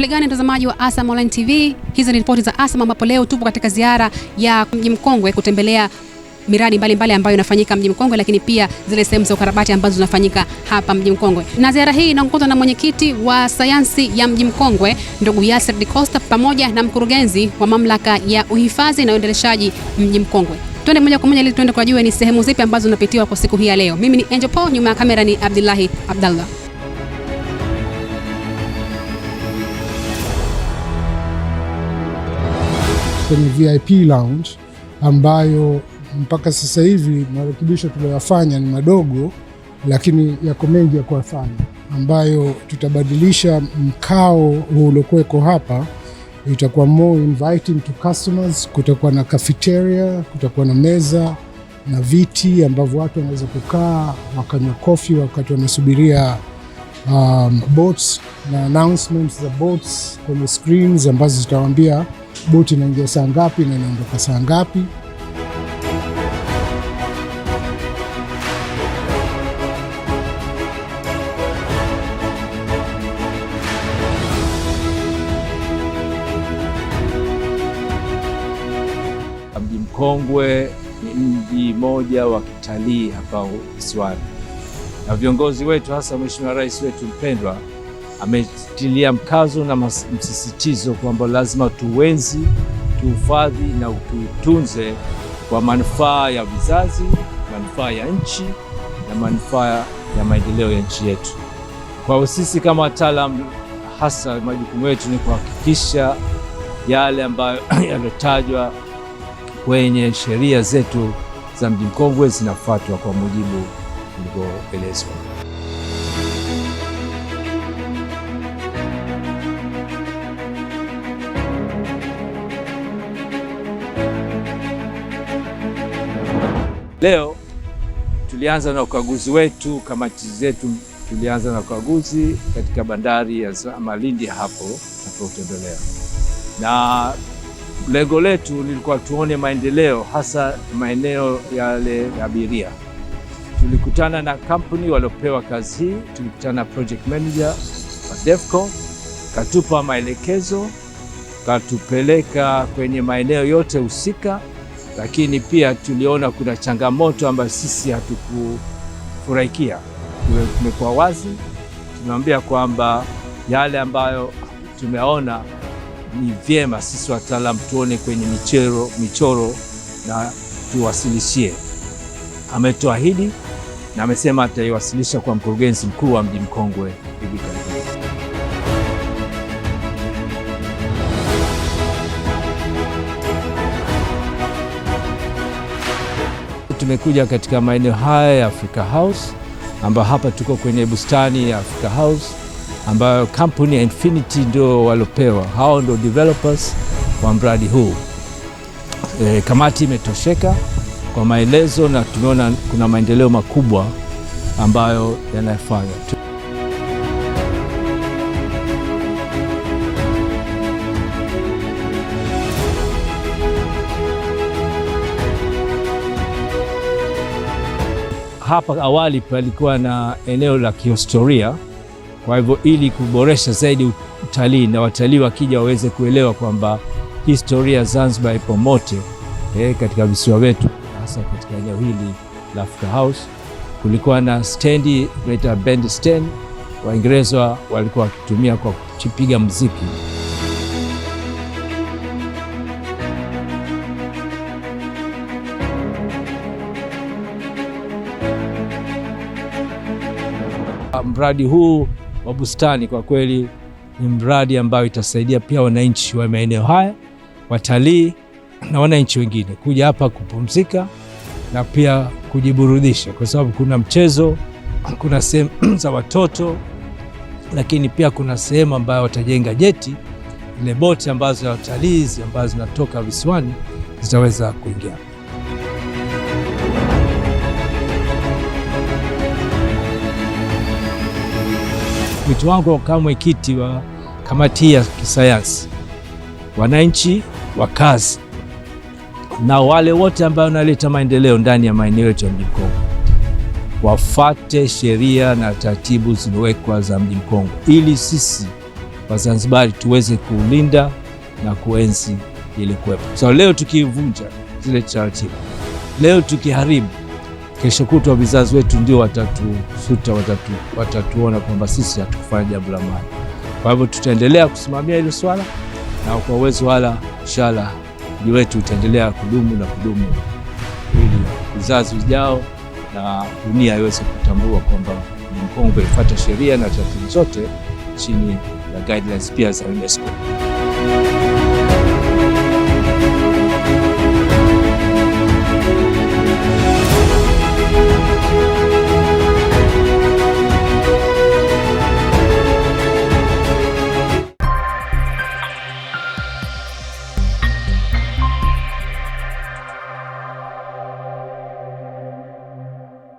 Hali gani mtazamaji wa Asam Online TV, hizi ni ripoti za Asam ambapo leo tupo katika ziara ya mji mkongwe kutembelea miradi mbalimbali mbali ambayo inafanyika mji mkongwe, lakini pia zile sehemu za ukarabati ambazo zinafanyika hapa mji mkongwe. Na ziara hii inaongozwa na mwenyekiti wa sayansi ya mji mkongwe ndugu Yasir Costa pamoja na mkurugenzi wa mamlaka ya uhifadhi na uendeleshaji mji mkongwe. Tuende moja kwa moja ili tuende kwa ni sehemu zipi ambazo zinapitiwa kwa siku hii ya leo. Mimi ni Angel Paul, nyuma ya kamera ni Abdullahi Abdallah. kwenye VIP lounge ambayo mpaka sasa hivi marekebisho tuliyoyafanya ni madogo, lakini yako mengi ya kuyafanya, ambayo tutabadilisha mkao uliokuweko hapa, itakuwa more inviting to customers. Kutakuwa na cafeteria, kutakuwa na meza na viti ambavyo watu wanaweza kukaa wakanywa kofi wakati wanasubiria um, boats na announcements za boats kwenye screens ambazo zitawaambia boti inaingia saa ngapi na inaondoka saa ngapi. Mji mkongwe ni mji moja wa kitalii hapa visiwani, na viongozi wetu hasa Mheshimiwa Rais wetu mpendwa ametilia mkazo na msisitizo kwamba lazima tuwenzi, tuhifadhi na tuutunze kwa manufaa ya vizazi, manufaa ya nchi na manufaa ya maendeleo ya nchi yetu. Kwa hiyo sisi kama wataalamu, hasa majukumu yetu ni kuhakikisha yale ambayo yaliyotajwa kwenye sheria zetu za mji mkongwe zinafuatwa kwa mujibu ulivyoelezwa. Leo tulianza na ukaguzi wetu, kamati zetu tulianza na ukaguzi katika bandari ya Malindi hapo tunapotembelea, na lengo letu lilikuwa tuone maendeleo, hasa maeneo yale ya abiria. Tulikutana na kampuni waliopewa kazi hii, tulikutana na project manager wa DEVCO, katupa maelekezo, katupeleka kwenye maeneo yote husika lakini pia tuliona kuna changamoto ambayo sisi hatukufurahikia. Tumekuwa wazi, tunaambia kwamba yale ambayo tumeona ni vyema sisi wataalam tuone kwenye michoro, michoro na tuwasilishie. Ametuahidi na amesema ataiwasilisha kwa mkurugenzi mkuu wa Mji Mkongwe hivi tumekuja katika maeneo haya ya Africa House, ambayo hapa tuko kwenye bustani ya Africa House ambayo kampuni ya Infinity ndio walopewa, hao ndio developers wa mradi huu. E, kamati imetosheka kwa maelezo na tumeona kuna maendeleo makubwa ambayo yanayofanywa. hapa awali palikuwa na eneo la kihistoria, kwa hivyo ili kuboresha zaidi utalii na watalii wakija waweze kuelewa kwamba historia Zanzibar ipo mote eh, katika visiwa vyetu, hasa katika eneo hili la Africa House. Kulikuwa na stendi tunaita bandstand, Waingereza walikuwa wakitumia kwa kuchipiga mziki. mradi huu wa bustani kwa kweli ni mradi ambayo itasaidia pia wananchi wa maeneo haya, watalii na wananchi wengine kuja hapa kupumzika na pia kujiburudisha, kwa sababu kuna mchezo, kuna sehemu za watoto, lakini pia kuna sehemu ambayo watajenga jeti, ile boti ambazo ya watalii ambazo zinatoka visiwani zitaweza kuingia. wito wangu kama mwenyekiti wa kamati ya kisayansi, wananchi wakazi na wale wote ambao wanaleta maendeleo ndani ya maeneo yetu ya mji Mkongwe wafate sheria na taratibu zilizowekwa za mji Mkongwe ili sisi Wazanzibari tuweze kuulinda na kuenzi ili kuwepo. So leo tukivunja zile taratibu, leo tukiharibu kesho kutwa vizazi wetu ndio watatusuta, watatu watatuona kwamba sisi hatukufanya jambo la maana. Kwa hivyo tutaendelea kusimamia hilo swala na kwa uwezo wala inshallah mji wetu utaendelea kudumu na kudumu, ili vizazi vijao na dunia iweze kutambua kwamba ni Mkongwe ifuata sheria na taratibu zote chini ya guidelines pia za UNESCO.